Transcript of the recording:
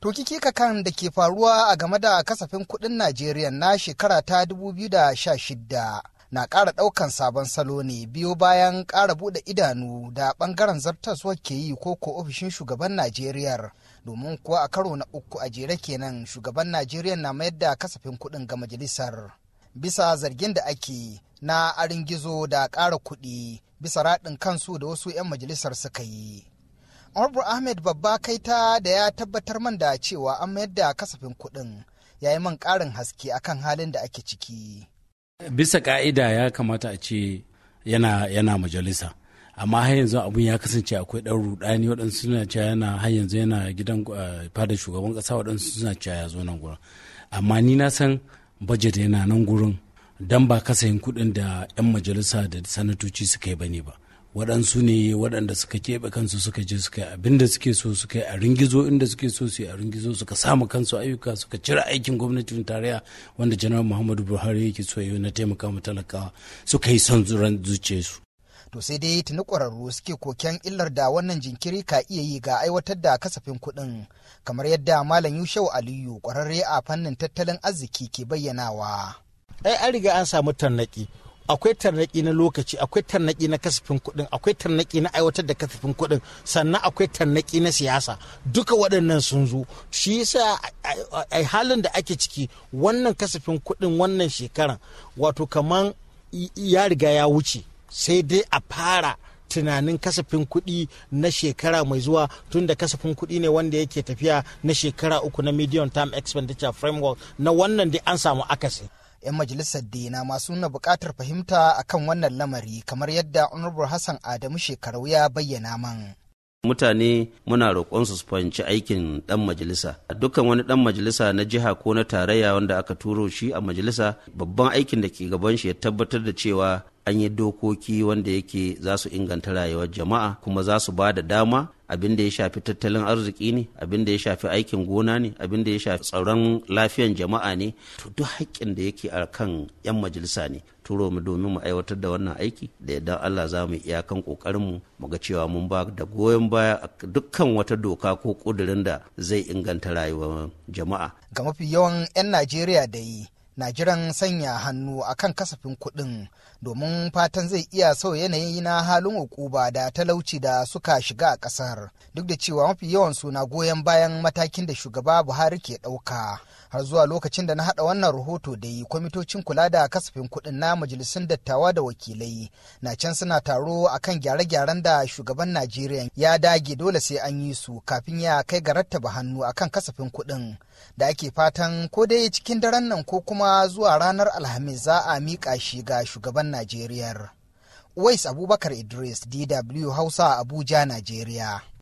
To kan da ke faruwa a game da kasafin kuɗin Najeriya na shekara ta 2016 na ƙara ɗaukan sabon salo ne biyo bayan ƙara buɗe idanu da ɓangaren zartaswa ke yi ko ko ofishin shugaban Najeriya. Domin kuwa a karo na uku a jere kenan shugaban Najeriya na mayar da kasafin kuɗin ga majalisar. Bisa zargin da ake na arin gizo da ƙara kuɗi bisa raɗin kansu da wasu 'yan majalisar suka yi. Umaru Ahmed babba kaita da ya tabbatar man da cewa an mayar da kasafin kuɗin ya yi man ƙarin haske akan halin da ake ciki. Bisa ka'ida ya kamata a ce yana, majalisa. amma har yanzu abun ya kasance akwai ɗan rudani waɗansu suna cewa yana har yanzu yana gidan eh, fada shugaban ƙasa waɗansu suna cewa ya zo nan gurin amma ni na san bajet yana nan gurin don ba kasayin kuɗin da 'yan majalisa da sanatoci suka yi ba ne ba waɗansu ne waɗanda suka keɓe kansu suka je suka abin da suke so suka yi a ringizo inda suke so su a ringizo suka samu kansu ayyuka suka cire aikin gwamnatin tarayya wanda janar muhammadu buhari yake so yi na taimaka ma talakawa suka yi son zuran su to sai dai tuni ƙwararru suke koken illar da wannan jinkiri ka iya yi ga aiwatar da kasafin kuɗin kamar yadda malam yushau aliyu ƙwararre a fannin tattalin arziki ke bayyanawa ai an riga an samu tannaki. akwai tarnaki na lokaci akwai tarnaki na kasafin kuɗin akwai tarnaki na aiwatar da kasafin kuɗin sannan akwai tarnaki na siyasa duka waɗannan sun zo shi yasa a halin da ake ciki wannan kasafin kuɗin wannan shekaran wato kaman ya riga ya wuce sai dai a fara tunanin kasafin kuɗi na shekara mai zuwa tun da kasafin kuɗi ne wanda yake tafiya na shekara uku na medium term expenditure framework na wannan dai an samu akasi 'yan majalisar dina masu nuna bukatar fahimta akan wannan lamari kamar yadda honorable hassan adamu shekaru ya bayyana man mutane muna roƙon su fahimci aikin ɗan majalisa a dukkan wani ɗan majalisa na jiha ko na tarayya wanda aka turo shi a majalisa babban aikin da ke gaban shi ya tabbatar da cewa an yi dokoki wanda yake za su inganta rayuwar jama'a kuma za su ba da dama abin da ya shafi tattalin arziki ne abin da ya shafi aikin gona ne abin da ya shafi tsaron lafiyan jama'a ne to duk haƙƙin da yake a kan 'yan majalisa ne turo mu domin mu aiwatar da wannan aiki da idan Allah za mu iyakan kokarin mu ga cewa mun ba da goyon baya a dukkan wata doka ko ƙudurin da zai inganta rayuwar jama'a ga mafi yawan 'yan Najeriya da yi na jiran sanya hannu a kan kasafin kuɗin domin fatan zai iya sau yanayi na halin ukuba da talauci da suka shiga a ƙasar duk da cewa mafi yawan suna goyon bayan matakin da shugaba buhari ke ɗauka har zuwa lokacin da na hada wannan rahoto da yi kwamitocin kula da kasafin kuɗin na majalisun dattawa da wakilai na can suna taro akan gyare-gyaren da shugaban najeriya ya dage dole sai an yi su kafin ya kai ga rattaba hannu akan kasafin kuɗin da ake fatan ko dai cikin daren nan ko kuma zuwa ranar alhamis za a miƙa shi ga shugaban najeriya Wais Abubakar Idris, DW Hausa, Abuja, Najeriya.